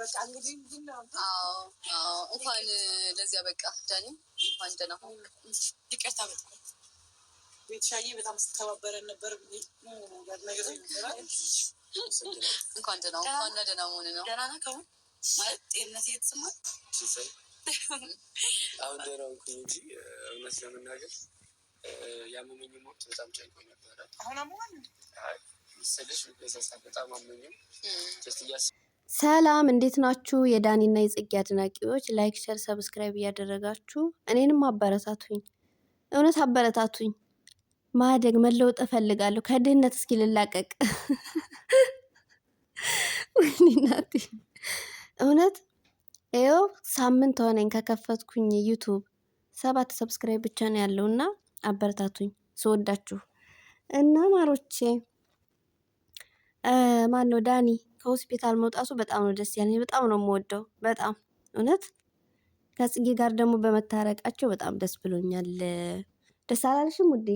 በቃ እንኳን ለዚያ በቃ ዳኒ እንኳን ደህና ሆንክ። ይቅርታ በጣም ቤተሻዬ በጣም ስተባበረን ነበር። እንኳን ደህና ደህና መሆን ነው። ደህና ነህ ማለት ጤንነት አሁን ደህና እንጂ እውነት ለመናገር ያመመኝ በጣም ነበረ። አሁን ስልሽ በዛ ሰዓት በጣም አመኝም ስ እያስ ሰላም እንዴት ናችሁ? የዳኒና የጽጌ አድናቂዎች ላይክ፣ ሸር፣ ሰብስክራይብ እያደረጋችሁ እኔንም አበረታቱኝ። እውነት አበረታቱኝ። ማደግ መለወጥ እፈልጋለሁ። ከድህነት እስኪ ልላቀቅ። ወይኔናቴ እውነት ይኸው ሳምንት ሆነኝ ከከፈትኩኝ ዩቱብ። ሰባት ሰብስክራይብ ብቻ ነው ያለው እና አበረታቱኝ። ስወዳችሁ እና ማሮቼ ማነው ዳኒ ከሆስፒታል መውጣቱ በጣም ነው ደስ ያለኝ። በጣም ነው የምወደው። በጣም እውነት ከጽጌ ጋር ደግሞ በመታረቃቸው በጣም ደስ ብሎኛል። ደስ አላለሽም ውዴ?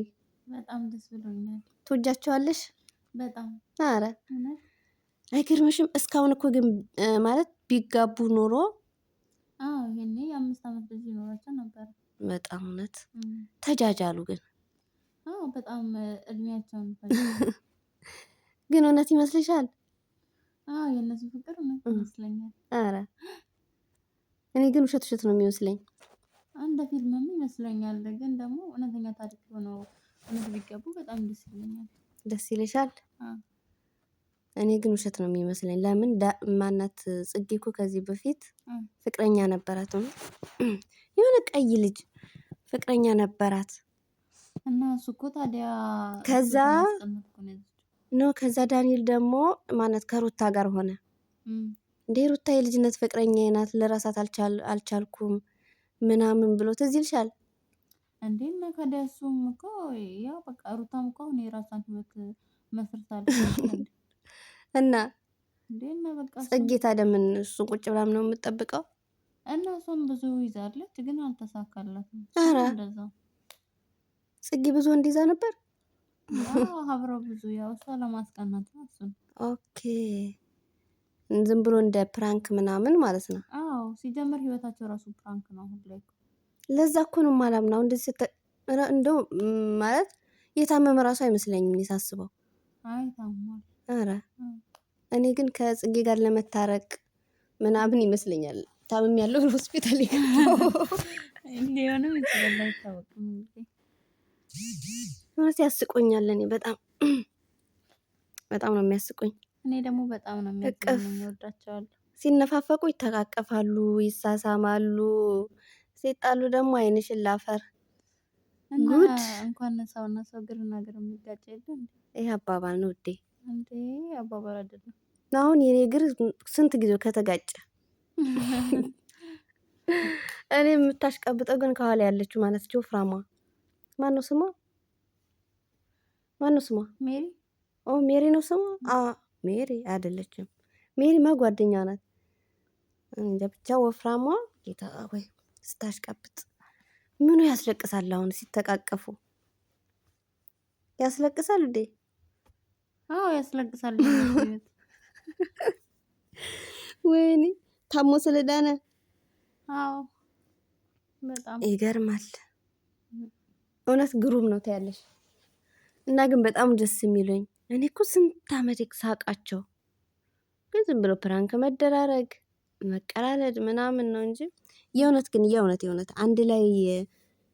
በጣም ደስ ብሎኛል። ትወጃቸዋለሽ? በጣም አረ፣ አይገርምሽም? እስካሁን እኮ ግን ማለት ቢጋቡ ኖሮ የአምስት ዓመት ልጅ ይኖራቸው ነበር። በጣም እውነት ተጃጃሉ። ግን በጣም እድሜያቸውን ግን እውነት ይመስልሻል? የእነሱ ፍቅር ይመስለኛል። እኔ ግን ውሸት ውሸት ነው የሚመስለኝ። እንደ ፊልምም ይመስለኛል፣ ግን ደግሞ እውነተኛ ታሪክ ሆነው እውነት ቢገቡ በጣም ደስ ይለኛል። ደስ ይልሻል? እኔ ግን ውሸት ነው የሚመስለኝ። ለምን ማናት ጽጌ እኮ ከዚህ በፊት ፍቅረኛ ነበራት፣ የሆነ ቀይ ልጅ ፍቅረኛ ነበራት እና እሱ እኮ ታዲያ ከዛ ኖ ከዛ ዳንኤል ደግሞ ማለት ከሩታ ጋር ሆነ። እንዴ ሩታ የልጅነት ፍቅረኛ ናት፣ ለራሳት አልቻልኩም ምናምን ብሎ ትዝ ይልሻል እንዴ? እና ከዲያ እሱም እኮ ያው በቃ ሩታም እኮ አሁን የራሷን ህይወት መስርታለች። እና እንዴና በቃ ጽጌ ታዲያ ምን እሱን ቁጭ ብላም ነው የምጠብቀው? እና እሷም ብዙ ይዛለች፣ ግን አልተሳካላትም። ኧረ ጽጌ ብዙ እንዲዛ ነበር አብሮ ብዙ ያው እሷ ለማስቀናት ነው እሱን። ኦኬ ዝም ብሎ እንደ ፕራንክ ምናምን ማለት ነው። አዎ ሲጀምር ህይወታቸው ራሱ ፕራንክ ነው ሁሌ። ለዛ እኮ ነው የማላምነው። እንደዚህ እንደው ማለት የታመመ ራሱ አይመስለኝም እኔ ሳስበው። ኧረ እኔ ግን ከጽጌ ጋር ለመታረቅ ምናምን ይመስለኛል ታምም ያለው ሆስፒታል ይገባ እንዲሆንም ይችላል አይታወቅም። እውነት ያስቆኛል። እኔ በጣም በጣም ነው የሚያስቆኝ። እኔ ደግሞ በጣም ነው የሚወዳቸዋለሁ። ሲነፋፈቁ ይተቃቀፋሉ፣ ይሳሳማሉ። ሲጣሉ ደግሞ አይንሽን ላፈር ጉድ እንኳን ሰውና ሰው ግርና ግር የሚጋጭ የለም። ይህ አባባል ነው ውዴ፣ እንዴ አባባል አይደለም። አሁን የኔ ግር ስንት ጊዜው ከተጋጨ እኔ የምታሽቀብጠው ግን ከኋላ ያለችው ማለት ነው ፍራማ ማነው ስሟ? ማነው ስሟ? ሜሪ ኦ ሜሪ ነው ስሟ? አ ሜሪ አይደለችም። ማ ጓደኛ ናት። እንጃ ብቻ ወፍራሟ ጌታ ወይ ስታሽቀብጥ ምኑ ያስለቅሳል። አሁን ሲተቃቀፉ ያስለቅሳል እንዴ? አዎ ያስለቅሳል። ወይኔ ታሞ ስለዳነ አዎ በጣም ይገርማል። እውነት ግሩም ነው ታያለሽ። እና ግን በጣም ደስ የሚሉኝ እኔ እኮ ስንት አመት ሳቃቸው ግን ዝም ብሎ ፕራንክ መደራረግ መቀላለድ ምናምን ነው እንጂ የእውነት ግን የእውነት የእውነት አንድ ላይ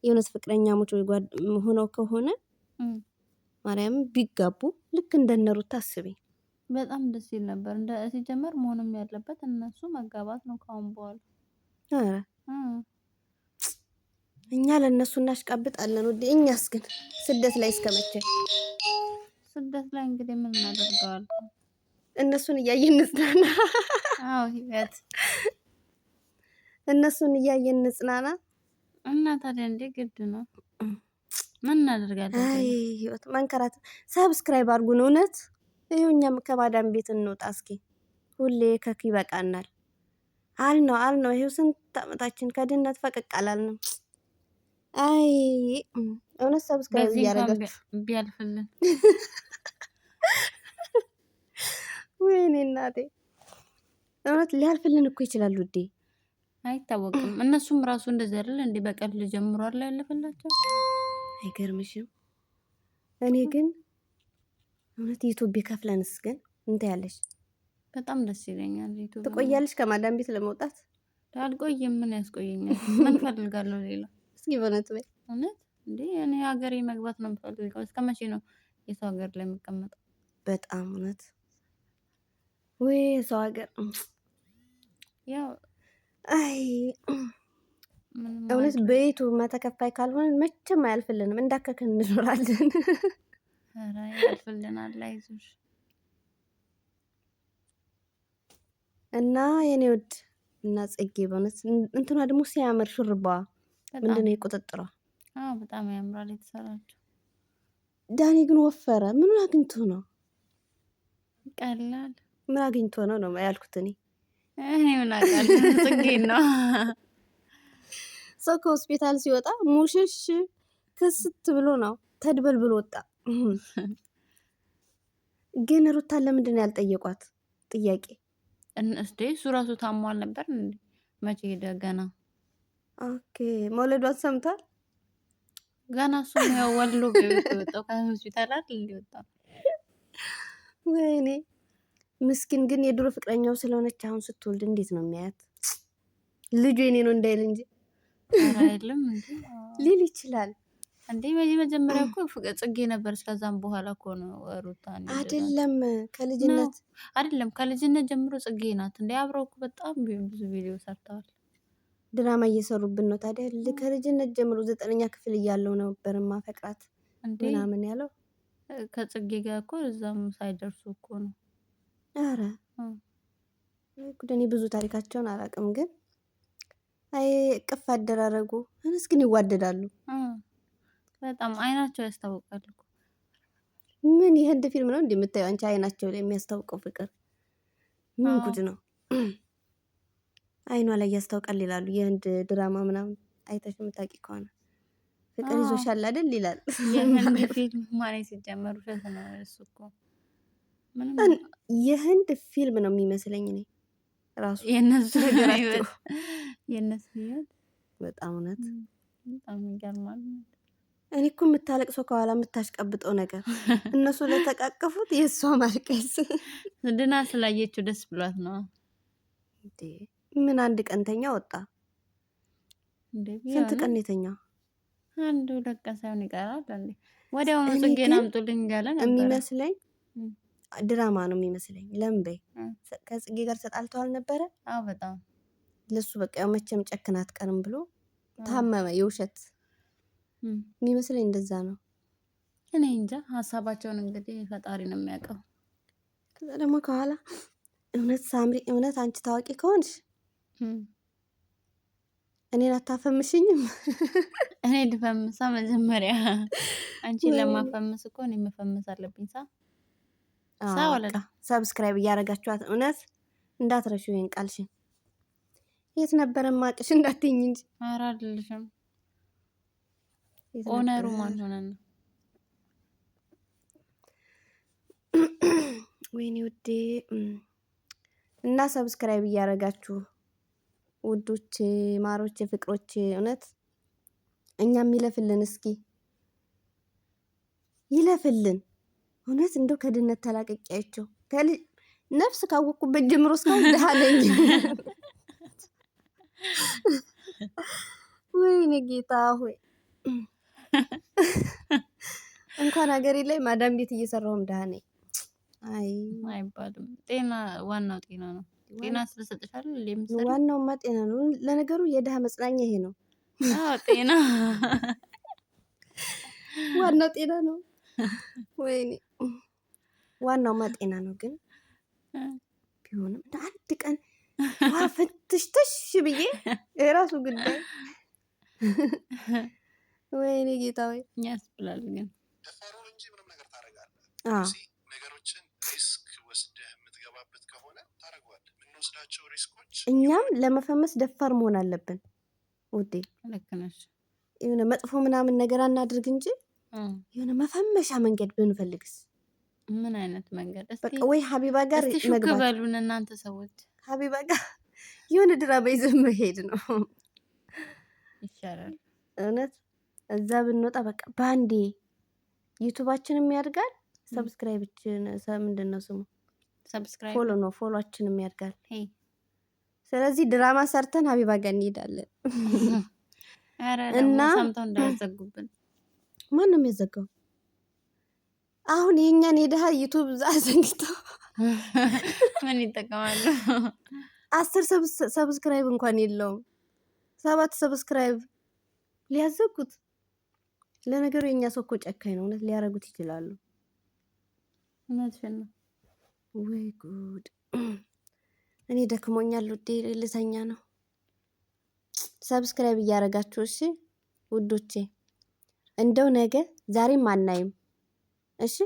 የእውነት ፍቅረኛሞች ወይ ሆነው ከሆነ ማርያም ቢጋቡ ልክ እንደነሩት ታስቢ በጣም ደስ ይል ነበር። እንደ ሲጀመር መሆንም ያለበት እነሱ መጋባት ነው ካሁን በኋላ እኛ ለእነሱ እናሽቃብጣለን። ወዴ እኛስ ግን ስደት ላይ እስከመቼ? ስደት ላይ እንግዲህ ምን እናደርገዋል? እነሱን እያየን እንጽናና። አዎ ህይወት፣ እነሱን እያየን እንጽናና። እና ታዲያ እንዴ ግድ ነው። ምን እናደርጋለን? አይ ህይወት፣ መንከራት። ሰብስክራይብ አድርጉን። እውነት ይኸው እኛም ከማዳም ቤት እንውጣ እስኪ። ሁሌ ከክ ይበቃናል። አል ነው። ይኸው ስንት አመታችን ከድህነት ፈቀቅ አላልንም። አይ እውነት ሰብስክራይብ እያደረጋችሁ ቢያልፍልን። ወይኔ እናቴ እውነት ሊያልፍልን እኮ ይችላል ውዴ፣ አይታወቅም። እነሱም ራሱ እንደዚህ አይደለ እንዴ? በቀል ጀምሯል ላይ ያለፈላቸው አይገርምሽም? እኔ ግን እውነት ዩቱብ ከፍለንስ ግን እንትን ያለሽ በጣም ደስ ይለኛል። ዩቱብ ትቆያለሽ ከማዳም ቤት ለመውጣት አልቆይም። ምን ያስቆየኛል? ምን ፈልጋለሁ ሌላ እስኪ በእውነት በይ። እውነት እንዴ እኔ ሀገሬ መግባት ነው የምፈልገው። እስከ መቼ ነው የሰው ሀገር ላይ የምቀመጠው? በጣም እውነት ወይ የሰው ሀገር ያው አይ እውነት በየቱ መተከፋይ ካልሆነ መቼም አያልፍልንም፣ እንዳከክን እንኖራለን። ያልፍልናል፣ አይዞሽ እና የኔ ውድ እና ጽጌ በእውነት እንትና ደግሞ ሲያምር ሹርባዋ ምንድነው ነው የቁጥጥሯ? አዎ በጣም ያምራል የተሰራችው። ዳኒ ግን ወፈረ። ምን አግኝቶ ነው? ቀላል ምን አግኝቶ ነው ነው ያልኩት እኔ እኔ ምን አውቃለሁ። ጽጌን ነው ሰው ከሆስፒታል ሲወጣ ሙሽሽ ክስት ብሎ ነው ተድበል ብሎ ወጣ። ግን ሩታን ለምንድን ያልጠየቋት? ጥያቄ እንስዴ እሱ ራሱ ታሟል ነበር። መቼ ሄደ ገና ኦኬ መውለዷን ሰምቷል። ገና ሱ ያው ወሎ ወጣው ከሆስፒታል አይደል ወይኔ ምስኪን ግን የድሮ ፍቅረኛው ስለሆነች አሁን ስትወልድ እንዴት ነው የሚያያት? ልጁ የኔ ነው እንዳይል እንጂ አይደለም ሊል ይችላል። እንዴ በዚህ መጀመሪያ እኮ ጽጌ ነበር። ከዛም በኋላ እኮ ነው ሩታ አይደለም። ከልጅነት አይደለም ከልጅነት ጀምሮ ጽጌ ናት። እንዴ አብረው እኮ በጣም ብዙ ቪዲዮ ሰርተዋል። ድራማ እየሰሩብን ነው። ታዲያ ከልጅነት ጀምሮ ዘጠነኛ ክፍል እያለው ነበር ማፈቅራት ምናምን ያለው ከጽጌ ጋር እኮ እዛም ሳይደርሱ እኮ ነው። አረ እኔ ብዙ ታሪካቸውን አላውቅም፣ ግን አይ ቅፍ አደራረጉ እነስ ግን ይዋደዳሉ በጣም አይናቸው ያስታውቃል። ምን ይህ ፊልም ነው እንደምታየው አንቺ አይናቸው ላይ የሚያስታውቀው ፍቅር ምን ጉድ ነው? አይኗ ላይ ያስታውቃል ይላሉ። የህንድ ድራማ ምናምን አይተሽ የምታውቂ ከሆነ ፍቅር ይዞሻል አይደል ይላል። የህንድ ፊልም ነው የሚመስለኝ እኔ ራሱ የእነሱ በጣም እውነት እኔ እኮ የምታለቅሰው ከኋላ የምታሽቀብጠው ነገር እነሱ ለተቃቀፉት የእሷ ማልቀስ ድና ስላየችው ደስ ብሏት ነው። ምን አንድ ቀንተኛ ወጣ? ስንት ቀን የተኛ? አንድ ሁለት ቀን ሳይሆን ይቀራል። ወዲያውኑ ጽጌን አምጡልኝ እያለ ነበር የሚመስለኝ። ድራማ ነው የሚመስለኝ። ለምን በይ ከጽጌ ጋር ተጣልተዋል ነበረ? አዎ በጣም ለሱ በቃ ያው መቼም ጨክን አትቀርም ብሎ ታመመ። የውሸት የሚመስለኝ እንደዛ ነው። እኔ እንጃ። ሀሳባቸውን እንግዲህ ፈጣሪ ነው የሚያውቀው። ከዛ ደግሞ ከኋላ እውነት ሳምሪ፣ እውነት አንቺ ታዋቂ ከሆንሽ እኔን አታፈምሽኝም? እኔ ልፈምሳ መጀመሪያ አንቺን ለማፈምስ እኮ እኔ መፈምስ አለብኝ። ሳ ሳወለዳ ሰብስክራይብ እያደረጋችኋት እውነት እንዳትረሹ ይሄን ቃልሽን። የት ነበረ ማቅሽ እንዳትኝ እንጂ ኧረ አይደለሽም። ኦነሩ ማን ሆነ ነው? ወይኔ ውዴ እና ሰብስክራይብ እያደረጋችሁ ውዶች ማሮች ፍቅሮች እውነት እኛም ይለፍልን እስኪ ይለፍልን። እውነት እንደው ከድህነት ተላቀቂያቸው ነፍስ ካወቅኩበት ጀምሮ እስካሁን ድሃ ነኝ። ወይኔ ጌታ ሆይ እንኳን ሀገሬ ላይ ማዳም ቤት እየሰራሁም ድሃ ነኝ አይባልም። ጤና ዋናው ጤና ነው። ጤና ስለሰጥሻል ዋናውማ ጤና ነው። ለነገሩ የድሃ መጽናኛ ይሄ ነው። ጤና ዋናው ጤና ነው። ወይኔ ዋናውማ ጤና ነው። ግን ቢሆንም እንደ አንድ ቀን ፍትሽትሽ ብዬ የራሱ ጉዳይ ወይኔ ጌታ ወይ ያስብላል ግን እኛም ለመፈመስ ደፋር መሆን አለብን ውዴ። የሆነ መጥፎ ምናምን ነገር አናድርግ እንጂ የሆነ መፈመሻ መንገድ ብንፈልግስ ምን አይነት መንገድ በቃ ወይ ሀቢባ ጋር መግባሉን እናንተ ሰዎች ሀቢባ ጋር የሆነ ድራማ ይዘን መሄድ ነው ይሻላል። እውነት እዛ ብንወጣ በቃ በአንዴ ዩቱባችንም ያድጋል፣ ሰብስክራይብችን ምንድን ነው ስሙ ፎሎ ነው ፎሎችንም ያድጋል። ስለዚህ ድራማ ሰርተን ሀቢባ ጋር እንሄዳለን እና ማን ነው የሚዘጋው? አሁን የእኛን የድሃ ዩቱብ ዘግተው ምን ይጠቀማሉ? አስር ሰብስክራይብ እንኳን የለውም። ሰባት ሰብስክራይብ ሊያዘጉት። ለነገሩ የእኛ ሰው እኮ ጨካኝ ነው። እውነት ሊያረጉት ይችላሉ። እውነት ነው ወይ ጉድ እኔ ደክሞኛል ውዴ፣ ልተኛ ነው። ሰብስክራይብ እያደረጋችሁ እሺ ውዶቼ፣ እንደው ነገ ዛሬም አናይም። እሺ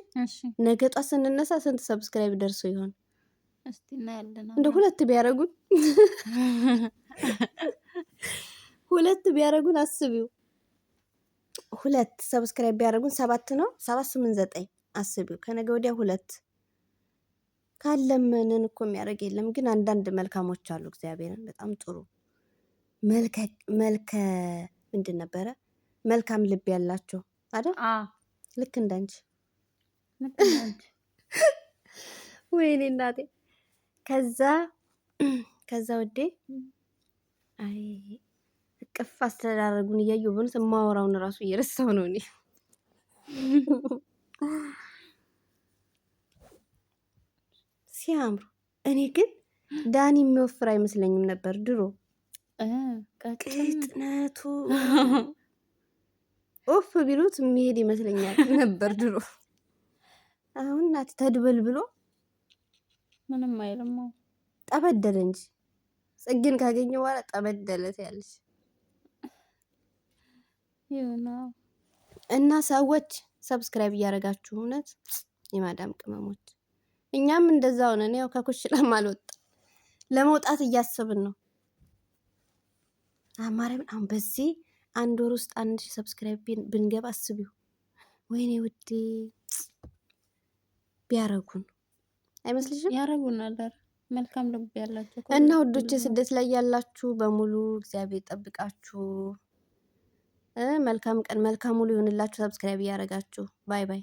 ነገ ጧት ስንነሳ ስንት ሰብስክራይብ ደርሶ ይሆን? እንደ ሁለት ቢያደረጉን ሁለት ቢያደረጉን አስቢው። ሁለት ሰብስክራይብ ቢያደረጉን ሰባት ነው፣ ሰባት ስምንት ዘጠኝ አስቢው። ከነገ ወዲያ ሁለት ካለመንን እኮ የሚያደርግ የለም። ግን አንዳንድ መልካሞች አሉ። እግዚአብሔርን በጣም ጥሩ መልከ ምንድን ነበረ መልካም ልብ ያላቸው አይደል? ልክ እንዳንቺ ወይኔ እናቴ። ከዛ ከዛ ውዴ አይ እቅፍ አስተዳደጉን እያየሁ በእውነት የማወራውን እራሱ እየረሳሁ ነው እኔ ሲያምሩ። እኔ ግን ዳኒ የሚወፍር አይመስለኝም ነበር ድሮ ቅጥነቱ ኦፍ ቢሉት የሚሄድ ይመስለኛል ነበር ድሮ። አሁን እናት ተድበል ብሎ ምንም አይልም። ጠበደለ እንጂ ጽጌን ካገኘ በኋላ ጠበደለ ያለች እና ሰዎች ሰብስክራይብ እያደረጋችሁ እውነት የማዳም ቅመሞች እኛም እንደዛው ነን። ያው ከኩሽላም አልወጣ ለመውጣት እያሰብን ነው። አማርያም አሁን በዚህ አንድ ወር ውስጥ አንድ ሺ ሰብስክራይብ ብንገባ አስቢው። ወይኔ ውዴ ቢያረጉን አይመስልሽም? ያረጉናል። መልካም ልብ ያላችሁ እና ውዶች ስደት ላይ ያላችሁ በሙሉ እግዚአብሔር ጠብቃችሁ። መልካም ቀን መልካም ሙሉ ይሆንላችሁ። ሰብስክራይብ እያደረጋችሁ ባይ ባይ።